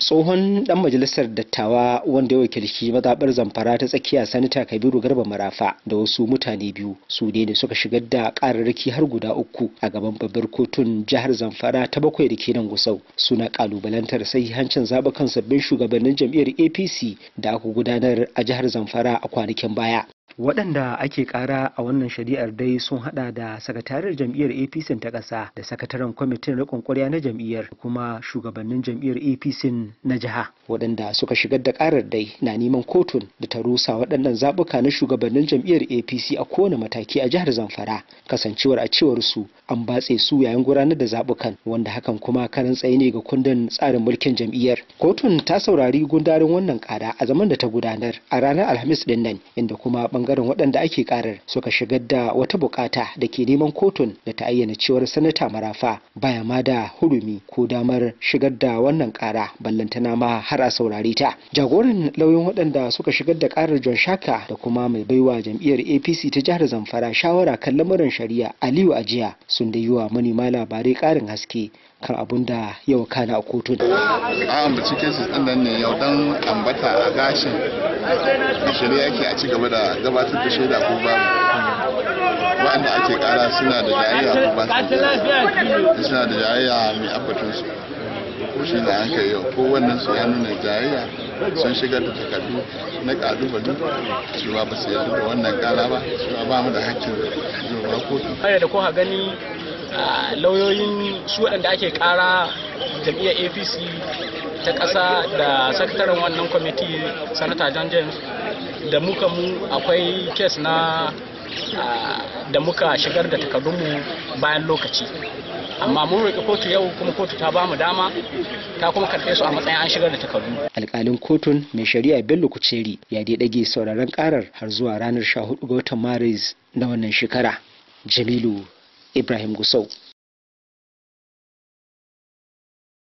tsohon dan majalisar dattawa wanda ya wakilci mazaɓar zamfara ta tsakiya sanata kabiru garba marafa da wasu mutane biyu su ne ne suka shigar da ƙararraki har guda uku a gaban babbar kotun jihar zamfara ta bakwai da ke nan gusau suna ƙalubalantar hancin zaɓukan sabbin shugabannin jam'iyyar apc da aka gudanar a jihar zamfara a kwanakin baya waɗanda ake ƙara a wannan shari'ar dai sun haɗa da sakataren jam'iyyar apc ta ƙasa da sakataren kwamitin riƙon ƙwarya na jam'iyyar kuma shugabannin jam'iyyar apc na jiha waɗanda suka shigar da ƙarar dai na neman kotun da ta rusa waɗannan zaɓuka na shugabannin jam'iyyar apc a kowane mataki a jihar zamfara kasancewar a cewar su an batse su yayin gudanar da zaɓukan wanda hakan kuma karan tsaye ne ga kundin tsarin mulkin jam'iyyar kotun ta saurari gundarin wannan ƙara a zaman da ta gudanar a ranar alhamis ɗin nan inda kuma ɓangaren bangaren waɗanda ake karar suka shigar da wata bukata da ke neman kotun da ta ayyana cewar sanata marafa baya ma da hurumi ko damar shigar da wannan kara ballantana ma har a saurare ta jagoran lauyoyin waɗanda suka shigar da karar john shaka da kuma mai baiwa jam'iyyar apc ta jihar zamfara shawara kan lamuran shari'a aliyu ajiya sun da yi manema labarai karin haske kan abun da yau kana a kotun. a ambaci kesis ɗin nan ne yau don ambata a gashin shari'a yake a ci gaba da gabatar da shaida ko ba wa'anda ake kara suna da jayayya ko ba suna da jayayya mai abbatun su ko shi da hankali yi ko wannan su ya nuna jayayya sun shigar da takardu na kalubali cewa ba su yarda da wannan kara ba cewa ba mu da hakkin zuwa kotu. Kaya da ko gani lauyoyin su waɗanda ake ƙara jam'iyyar apc ta ƙasa da sakataren wannan kwamiti sanata john james da muka mu akwai kes na da muka shigar da takardunmu bayan lokaci amma mun riƙe kotu yau kuma kotu ta bamu dama ta kuma karɓe su a matsayin an shigar da takardu. alƙalin kotun mai shari'a bello kuceri ya dai ɗage sauraron ƙarar har zuwa ranar 14 ga watan maris na wannan shekara jamilu Ibrahim Gusau.